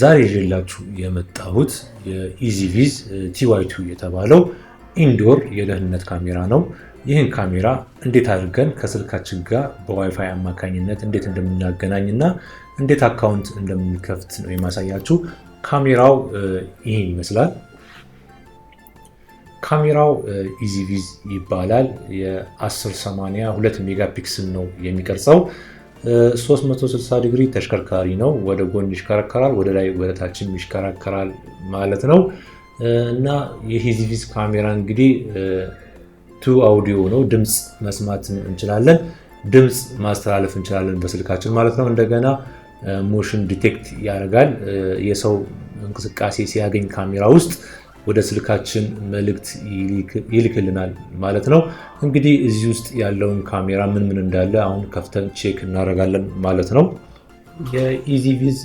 ዛሬ ይዤላችሁ የመጣሁት የኢዚቪዝ ቲዋይቱ የተባለው ኢንዶር የደህንነት ካሜራ ነው። ይህን ካሜራ እንዴት አድርገን ከስልካችን ጋር በዋይፋይ አማካኝነት እንዴት እንደምናገናኝ እና እንዴት አካውንት እንደምንከፍት ነው የማሳያችሁ። ካሜራው ይህን ይመስላል። ካሜራው ኢዚቪዝ ይባላል። የ1080 2 ሜጋ ፒክስል ነው የሚቀርጸው። 360 ዲግሪ ተሽከርካሪ ነው። ወደ ጎን ይሽከረከራል፣ ወደ ላይ ወደ ታችም ይሽከረከራል ማለት ነው እና ዚቪስ ካሜራ እንግዲህ ቱ አውዲዮ ነው። ድምፅ መስማት እንችላለን፣ ድምፅ ማስተላለፍ እንችላለን በስልካችን ማለት ነው። እንደገና ሞሽን ዲቴክት ያደርጋል የሰው እንቅስቃሴ ሲያገኝ ካሜራ ውስጥ ወደ ስልካችን መልእክት ይልክልናል ማለት ነው። እንግዲህ እዚህ ውስጥ ያለውን ካሜራ ምን ምን እንዳለ አሁን ከፍተን ቼክ እናደርጋለን ማለት ነው። የኢዚቪዝ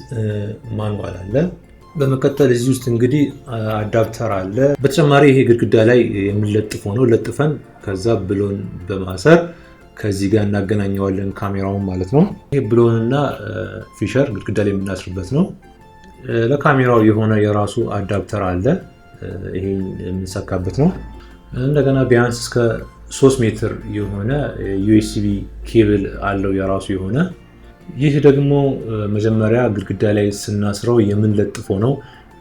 ማንዋል አለ። በመቀጠል እዚህ ውስጥ እንግዲህ አዳፕተር አለ። በተጨማሪ ይሄ ግድግዳ ላይ የምንለጥፎ ነው። ለጥፈን ከዛ ብሎን በማሰር ከዚህ ጋር እናገናኘዋለን ካሜራውን ማለት ነው። ይሄ ብሎንና ፊሸር ግድግዳ ላይ የምናስርበት ነው። ለካሜራው የሆነ የራሱ አዳፕተር አለ። ይሄ የምንሰካበት ነው። እንደገና ቢያንስ እስከ ሶስት ሜትር የሆነ ዩኤስቢ ኬብል አለው የራሱ የሆነ ይህ ደግሞ መጀመሪያ ግድግዳ ላይ ስናስረው የምንለጥፈው ነው።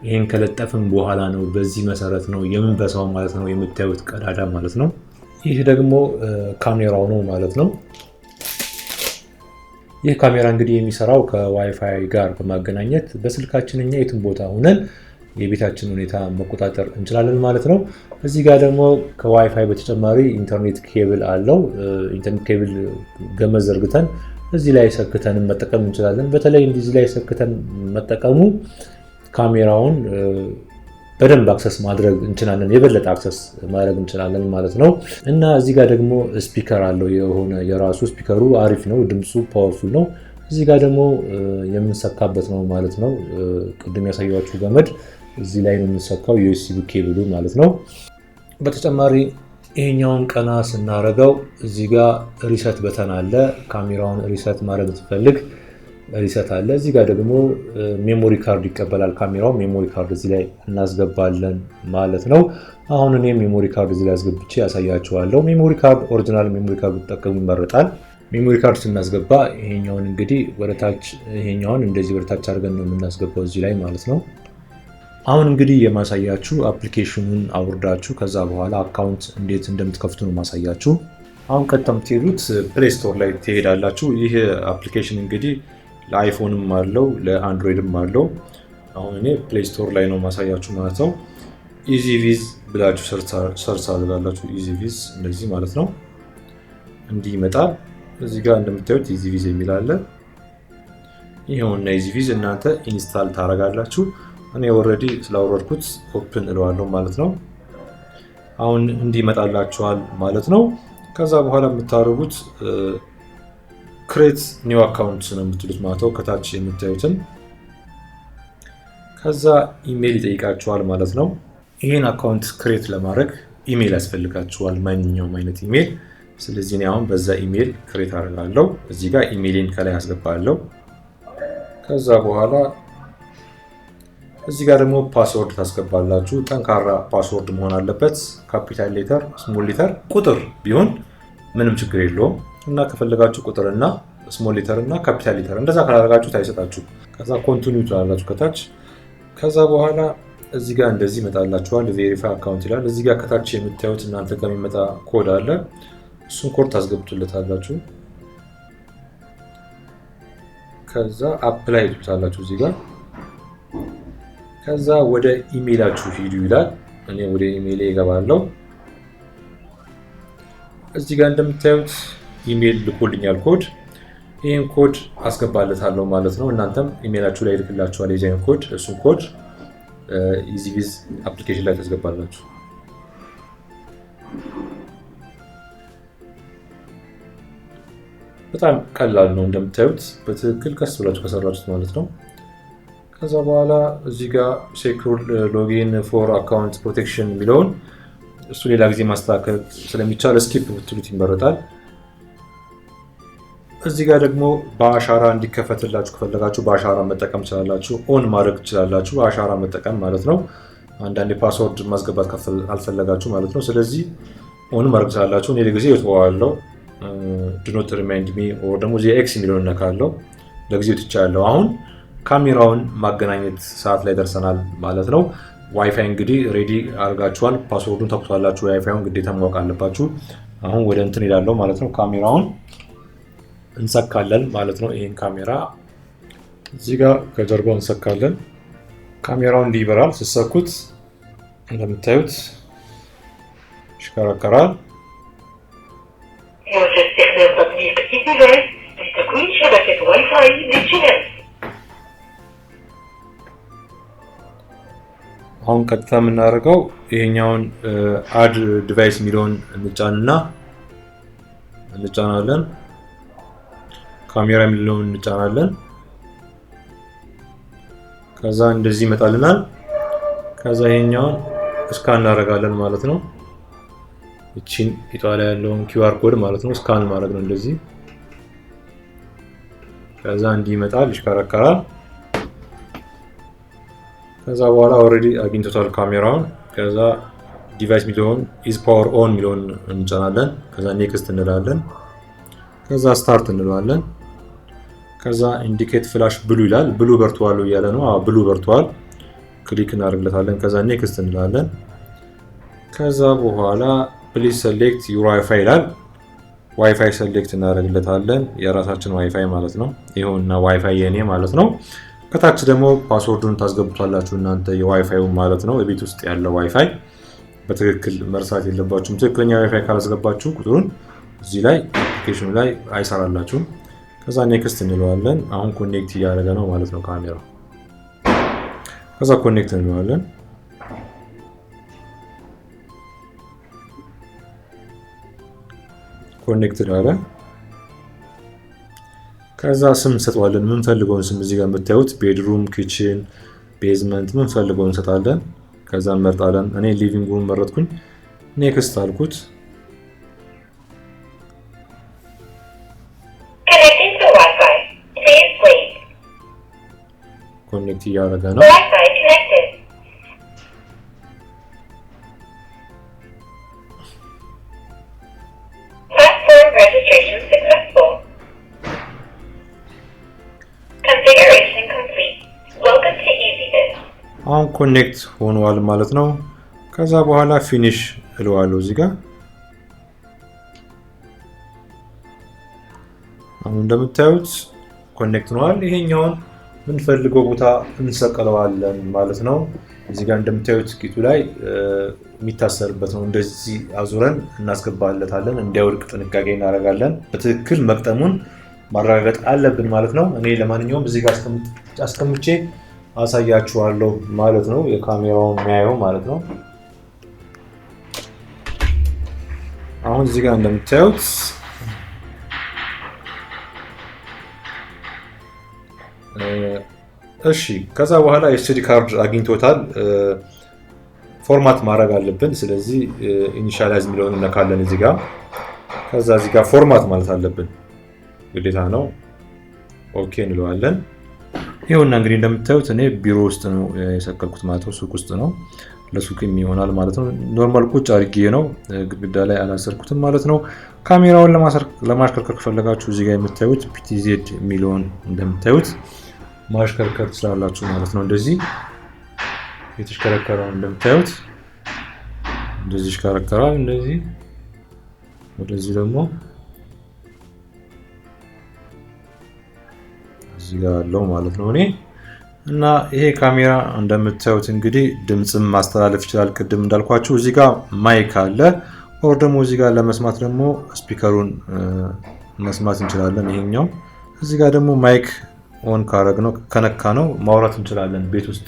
ይህን ከለጠፍን በኋላ ነው በዚህ መሰረት ነው የምንበሳው ማለት ነው፣ የምታዩት ቀዳዳ ማለት ነው። ይህ ደግሞ ካሜራው ነው ማለት ነው። ይህ ካሜራ እንግዲህ የሚሰራው ከዋይፋይ ጋር በማገናኘት በስልካችን እኛ የትም ቦታ ሆነን የቤታችን ሁኔታ መቆጣጠር እንችላለን ማለት ነው። እዚህ ጋር ደግሞ ከዋይፋይ በተጨማሪ ኢንተርኔት ኬብል አለው። ኢንተርኔት ኬብል ገመድ ዘርግተን እዚህ ላይ ሰክተን መጠቀም እንችላለን። በተለይ እዚህ ላይ ሰክተን መጠቀሙ ካሜራውን በደንብ አክሰስ ማድረግ እንችላለን። የበለጠ አክሰስ ማድረግ እንችላለን ማለት ነው። እና እዚህ ጋር ደግሞ ስፒከር አለው የሆነ የራሱ ስፒከሩ አሪፍ ነው። ድምፁ ፓወርፉል ነው። እዚህ ጋር ደግሞ የምንሰካበት ነው ማለት ነው። ቅድም ያሳያችሁ ገመድ እዚህ ላይ ነው የምንሰካው ዩኤስቢ ኬብሉ ማለት ነው። በተጨማሪ ይህኛውን ቀና ስናረገው እዚህ ጋር ሪሰት በተን አለ። ካሜራውን ሪሰት ማድረግ ትፈልግ ሪሰት አለ። እዚህ ጋር ደግሞ ሜሞሪ ካርድ ይቀበላል ካሜራው። ሜሞሪ ካርድ እዚህ ላይ እናስገባለን ማለት ነው። አሁን እኔ ሜሞሪ ካርድ እዚህ ላይ አስገብቼ ያሳያችኋለሁ። ሜሞሪ ካርድ ኦሪጂናል ሜሞሪ ካርድ ብትጠቀሙ ይመረጣል። ሜሞሪ ካርድ ስናስገባ ይሄኛውን እንግዲህ ወደታች ይሄኛውን እንደዚህ ወደታች አድርገን ነው የምናስገባው እዚህ ላይ ማለት ነው። አሁን እንግዲህ የማሳያችሁ አፕሊኬሽኑን አውርዳችሁ ከዛ በኋላ አካውንት እንዴት እንደምትከፍቱ ነው ማሳያችሁ። አሁን ቀጥታ የምትሄዱት ፕሌይ ስቶር ላይ ትሄዳላችሁ። ይህ አፕሊኬሽን እንግዲህ ለአይፎንም አለው ለአንድሮይድም አለው። አሁን እኔ ፕሌይ ስቶር ላይ ነው ማሳያችሁ ማለት ነው። ኢዚ ቪዝ ብላችሁ ሰርች አድርጋላችሁ። ኢዚ ቪዝ እንደዚህ ማለት ነው። እንዲህ ይመጣል። እዚህ ጋር እንደምታዩት ኢዚ ቪዝ የሚል አለ። ይኸውና ኢዚ ቪዝ እናንተ ኢንስታል ታደርጋላችሁ። እኔ ኦልሬዲ ስላወረድኩት ኦፕን እለዋለሁ ማለት ነው። አሁን እንዲመጣላችኋል ማለት ነው። ከዛ በኋላ የምታደርጉት ክሬት ኒው አካውንት ነው የምትሉት ማለት ነው። ከታች የምታዩትን ከዛ ኢሜይል ይጠይቃችኋል ማለት ነው። ይህን አካውንት ክሬት ለማድረግ ኢሜይል ያስፈልጋችኋል፣ ማንኛውም አይነት ኢሜይል። ስለዚህ እኔ አሁን በዛ ኢሜይል ክሬት አደርጋለሁ። እዚህ ጋር ኢሜይሊን ከላይ አስገባለሁ። ከዛ በኋላ እዚህ ጋር ደግሞ ፓስወርድ ታስገባላችሁ። ጠንካራ ፓስወርድ መሆን አለበት። ካፒታል ሌተር፣ ስሞል ሌተር፣ ቁጥር ቢሆን ምንም ችግር የለውም እና ከፈለጋችሁ ቁጥርና ስሞል ሌተር እና ካፒታል ሌተር እንደዛ ካላደረጋችሁት አይሰጣችሁ። ከዛ ኮንቲኒው ትላላችሁ ከታች። ከዛ በኋላ እዚህ ጋር እንደዚህ ይመጣላችኋል። ቬሪፋይ አካውንት ይላል። እዚህ ጋር ከታች የምታዩት እናንተ ጋር የሚመጣ ኮድ አለ። እሱን ኮድ ታስገብቱለታላችሁ። ከዛ አፕላይ ትላላችሁ እዚህ ጋር ከዛ ወደ ኢሜይላችሁ ሂዱ ይላል። እኔ ወደ ኢሜይል ይገባለሁ። እዚህ ጋር እንደምታዩት ኢሜይል ልኮልኛል ኮድ። ይህን ኮድ አስገባለታለሁ ማለት ነው። እናንተም ኢሜይላችሁ ላይ ይልክላችኋል የዚያን ኮድ። እሱን ኮድ ኢዚቪዝ አፕሊኬሽን ላይ ታስገባላችሁ። በጣም ቀላል ነው እንደምታዩት፣ በትክክል ቀስ ብላችሁ ከሰራችሁት ማለት ነው። ከዛ በኋላ እዚህ ጋር ሴኩር ሎጊን ፎር አካውንት ፕሮቴክሽን የሚለውን እሱ ሌላ ጊዜ ማስተካከል ስለሚቻል ስኪፕ ብትሉት ይመረጣል። እዚህ ጋር ደግሞ በአሻራ እንዲከፈትላችሁ ከፈለጋችሁ በአሻራ መጠቀም ትችላላችሁ። ኦን ማድረግ ትችላላችሁ፣ በአሻራ መጠቀም ማለት ነው። አንዳንድ ፓስወርድ ማስገባት አልፈለጋችሁ ማለት ነው። ስለዚህ ኦን ማድረግ ትችላላችሁ። እኔ ለጊዜው እተወዋለሁ። ድኖት ኖት ሪማይንድ ሚ ደግሞ ዚ ኤክስ የሚለውን እነካለሁ። ለጊዜው ትቻ ያለው አሁን ካሜራውን ማገናኘት ሰዓት ላይ ደርሰናል ማለት ነው። ዋይፋይ እንግዲህ ሬዲ አድርጋችኋል። ፓስወርዱን ተኩቷላችሁ። ዋይፋይን ግዴታ ማወቅ አለባችሁ። አሁን ወደ እንትን ሄዳለው ማለት ነው። ካሜራውን እንሰካለን ማለት ነው። ይህን ካሜራ እዚህ ጋር ከጀርባው እንሰካለን። ካሜራውን እንዲህ ስሰኩት እንደምታዩት ይሽከረከራል። አሁን ቀጥታ የምናደርገው ይሄኛውን አድ ዲቫይስ የሚለውን እንጫንና እንጫናለን። ካሜራ የሚለውን እንጫናለን። ከዛ እንደዚህ ይመጣልናል። ከዛ ይሄኛውን እስካን እናደርጋለን ማለት ነው። እቺን ኢጣሊያ ያለውን ኪውአር ኮድ ማለት ነው እስካን ማድረግ ነው እንደዚህ። ከዛ እንዲህ ይመጣል፣ ይሽከረከራል። ከዛ በኋላ ኦልሬዲ አግኝቶታል ካሜራውን። ከዛ ዲቫይስ የሚለውን ኢዝ ፓወር ኦን የሚለውን እንጫናለን። ከዛ ኔክስት እንላለን። ከዛ ስታርት እንለዋለን። ከዛ ኢንዲኬት ፍላሽ ብሉ ይላል። ብሉ በርቷል እያለ ነው። ብሉ በርተዋል። ክሊክ እናደርግለታለን። ከዛ ኔክስት እንላለን። ከዛ በኋላ ፕሊስ ሰሌክት ዩር ዋይፋይ ይላል። ዋይፋይ ሰሌክት እናደርግለታለን። የራሳችን ዋይፋይ ማለት ነው። ይሁንና ዋይፋይ የኔ ማለት ነው። ከታች ደግሞ ፓስወርዱን ታስገብቷላችሁ እናንተ የዋይፋይውን ማለት ነው። የቤት ውስጥ ያለ ዋይፋይ በትክክል መርሳት የለባችሁም። ትክክለኛ ዋይፋይ ካላስገባችሁ ቁጥሩን እዚህ ላይ አፕሊኬሽኑ ላይ አይሰራላችሁም። ከዛ ኔክስት እንለዋለን። አሁን ኮኔክት እያደረገ ነው ማለት ነው ካሜራ። ከዛ ኮኔክት እንለዋለን። ኮኔክት አለ። ከዛ ስም እንሰጠዋለን። የምንፈልገውን ስም እዚህ ጋር የምታዩት ቤድሩም፣ ኪችን፣ ቤዝመንት የምንፈልገውን እንሰጣለን። ከዛ እንመርጣለን። እኔ ሩም መረጥኩኝ። ኔክስት አልኩት። ኮኔክት እያደረገ ነው አሁን ኮኔክት ሆኗል ማለት ነው። ከዛ በኋላ ፊኒሽ እለዋለሁ እዚህ ጋር አሁን እንደምታዩት ኮኔክት ሆኗል። ይሄኛውን የምንፈልገው ቦታ እንሰቅለዋለን ማለት ነው። እዚህ ጋር እንደምታዩት ኪቱ ላይ የሚታሰርበት ነው። እንደዚህ አዙረን እናስገባለታለን። እንዲያወድቅ ጥንቃቄ እናደርጋለን። በትክክል መቅጠሙን ማረጋገጥ አለብን ማለት ነው። እኔ ለማንኛውም እዚህ ጋር አስቀምጬ አሳያችኋለሁ ማለት ነው። የካሜራውን የሚያየው ማለት ነው። አሁን እዚህ ጋር እንደምታዩት እሺ፣ ከዛ በኋላ የኤስዲ ካርድ አግኝቶታል። ፎርማት ማድረግ አለብን። ስለዚህ ኢኒሻላይዝ የሚለውን እነካለን እዚህ ጋር። ከዛ እዚህ ጋር ፎርማት ማለት አለብን ግዴታ ነው። ኦኬ እንለዋለን። ይኸውና እንግዲህ እንደምታዩት እኔ ቢሮ ውስጥ ነው የሰቀልኩት ማለት ነው። ሱቅ ውስጥ ነው ለሱቅም ይሆናል ማለት ነው። ኖርማል ቁጭ አድርጌ ነው ግድግዳ ላይ አላሰርኩትም ማለት ነው። ካሜራውን ለማሽከርከር ከፈለጋችሁ እዚጋ የምታዩት ፒቲዜድ የሚለውን እንደምታዩት ማሽከርከር ትችላላችሁ ማለት ነው። እንደዚህ የተሽከረከረው እንደምታዩት እንደዚህ ይሽከረከራል። እንደዚህ ወደዚህ ደግሞ እዚህ ጋር ያለው ማለት ነው እኔ እና ይሄ ካሜራ እንደምታዩት እንግዲህ ድምፅም ማስተላለፍ ይችላል። ቅድም እንዳልኳችሁ እዚህ ጋር ማይክ አለ። ኦር ደግሞ እዚህ ጋር ለመስማት ደግሞ ስፒከሩን መስማት እንችላለን። ይሄኛው እዚህ ጋር ደግሞ ማይክ ኦን ካረግ ነው ከነካ ነው ማውራት እንችላለን፣ ቤት ውስጥ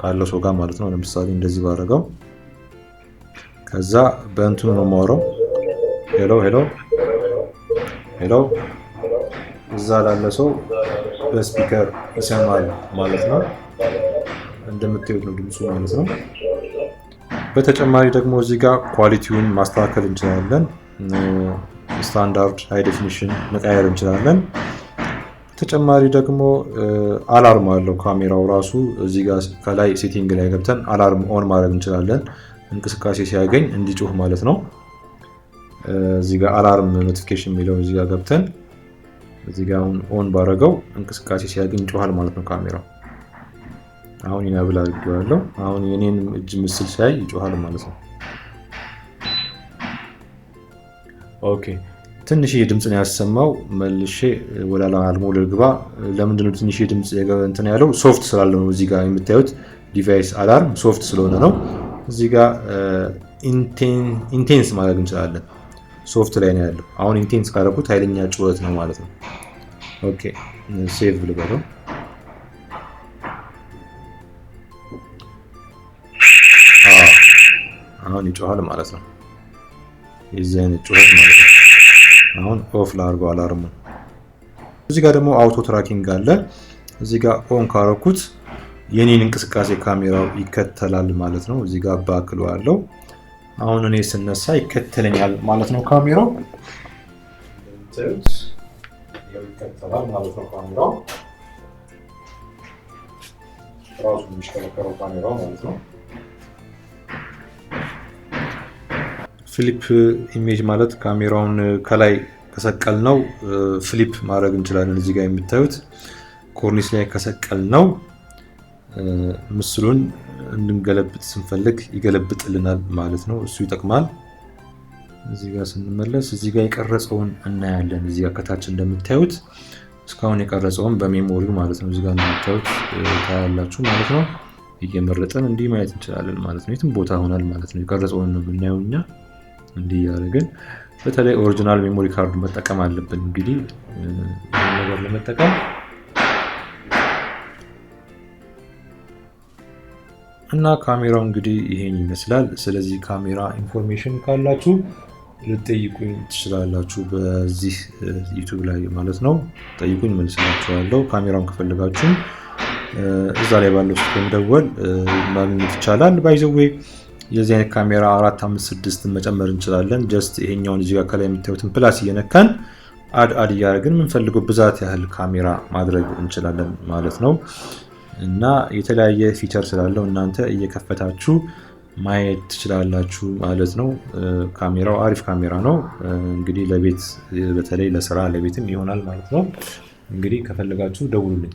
ካለው ሰው ጋር ማለት ነው። ለምሳሌ እንደዚህ ባረገው ከዛ በእንትኑ ነው ማውረው። ሄሎ ሄሎ ሄሎ እዛ ላለ ሰው በስፒከር ይሰማል ማለት ነው። እንደምታዩት ነው ድምፁ ማለት ነው። በተጨማሪ ደግሞ እዚህ ጋር ኳሊቲውን ማስተካከል እንችላለን። ስታንዳርድ ሃይ ዴፊኒሽን መቀየር እንችላለን። በተጨማሪ ደግሞ አላርም አለው ካሜራው ራሱ እዚህ ጋር ከላይ ሴቲንግ ላይ ገብተን አላርም ኦን ማድረግ እንችላለን። እንቅስቃሴ ሲያገኝ እንዲጮህ ማለት ነው። እዚህ ጋር አላርም ኖቲፊኬሽን የሚለው እዚህ ጋር ገብተን እዚህ ጋር አሁን ኦን ባረገው እንቅስቃሴ ሲያገኝ ጮኋል ማለት ነው ካሜራው። አሁን ይናብል አድርጌዋለሁ። አሁን የኔን እጅ ምስል ሲያይ ይጮኋል ማለት ነው። ኦኬ ትንሽ ድምፅን ያሰማው መልሼ ወደ አልሞ ልግባ። ነው ትንሽ ድምፅ እንትን ያለው? ሶፍት ስላለ ነው። እዚህ ጋር የምታዩት ዲቫይስ አላርም ሶፍት ስለሆነ ነው። እዚህ ጋር ኢንቴንስ ማድረግ እንችላለን። ሶፍት ላይ ነው ያለው። አሁን ኢንቴንስ ካደረኩት ኃይለኛ ጩኸት ነው ማለት ነው። ኦኬ ሴቭ ልበለው። አሁን ይጮሃል ማለት ነው። የዚህ አይነት ጩኸት ማለት ነው። አሁን ኦፍ ላርጎ አላርሙ። እዚህ ጋር ደግሞ አውቶ ትራኪንግ አለ። እዚህ ጋር ኦን ካረኩት የኔን እንቅስቃሴ ካሜራው ይከተላል ማለት ነው። እዚህ ጋር ባክሎ አለው። አሁን እኔ ስነሳ ይከተለኛል ማለት ነው ካሜራው ይከተላል ማለት ነው ካሜራው ራሱ የሚሽከረከረው ካሜራው ማለት ነው። ኢሜጅ ማለት ካሜራውን ከላይ ከሰቀል ነው ፊሊፕ ማድረግ እንችላለን። እዚህ ጋር የምታዩት ኮርኒስ ላይ ከሰቀል ነው ምስሉን እንድንገለብጥ ስንፈልግ ይገለብጥልናል ማለት ነው። እሱ ይጠቅማል። እዚህ ጋር ስንመለስ እዚህ ጋር የቀረጸውን እናያለን። እዚህ ጋር ከታች እንደምታዩት እስካሁን የቀረጸውን በሜሞሪው ማለት ነው። እዚህ ጋር እንደምታዩት ታያላችሁ ማለት ነው። እየመረጠን እንዲህ ማየት እንችላለን ማለት ነው። የትም ቦታ ሆናል ማለት ነው። የቀረጸውን ነው የምናየው እኛ እንዲህ እያደረግን። በተለይ ኦሪጂናል ሜሞሪ ካርድ መጠቀም አለብን እንግዲህ ነገር ለመጠቀም እና ካሜራው እንግዲህ ይሄን ይመስላል። ስለዚህ ካሜራ ኢንፎርሜሽን ካላችሁ ልጠይቁኝ ትችላላችሁ፣ በዚህ ዩቱብ ላይ ማለት ነው። ጠይቁኝ፣ መልስላችኋለሁ። ካሜራውን ከፈለጋችሁም እዛ ላይ ባለው ውስጥ በመደወል ማግኘት ይቻላል። ባይዘዌ የዚህ አይነት ካሜራ አራት አምስት ስድስትን መጨመር እንችላለን። ጀስት ይሄኛውን እዚጋ ከላይ የምታዩትን ፕላስ እየነካን አድ አድ እያደረግን የምንፈልገው ብዛት ያህል ካሜራ ማድረግ እንችላለን ማለት ነው። እና የተለያየ ፊቸር ስላለው እናንተ እየከፈታችሁ ማየት ትችላላችሁ ማለት ነው። ካሜራው አሪፍ ካሜራ ነው። እንግዲህ ለቤት በተለይ ለስራ ለቤትም ይሆናል ማለት ነው። እንግዲህ ከፈለጋችሁ ደውሉልኝ።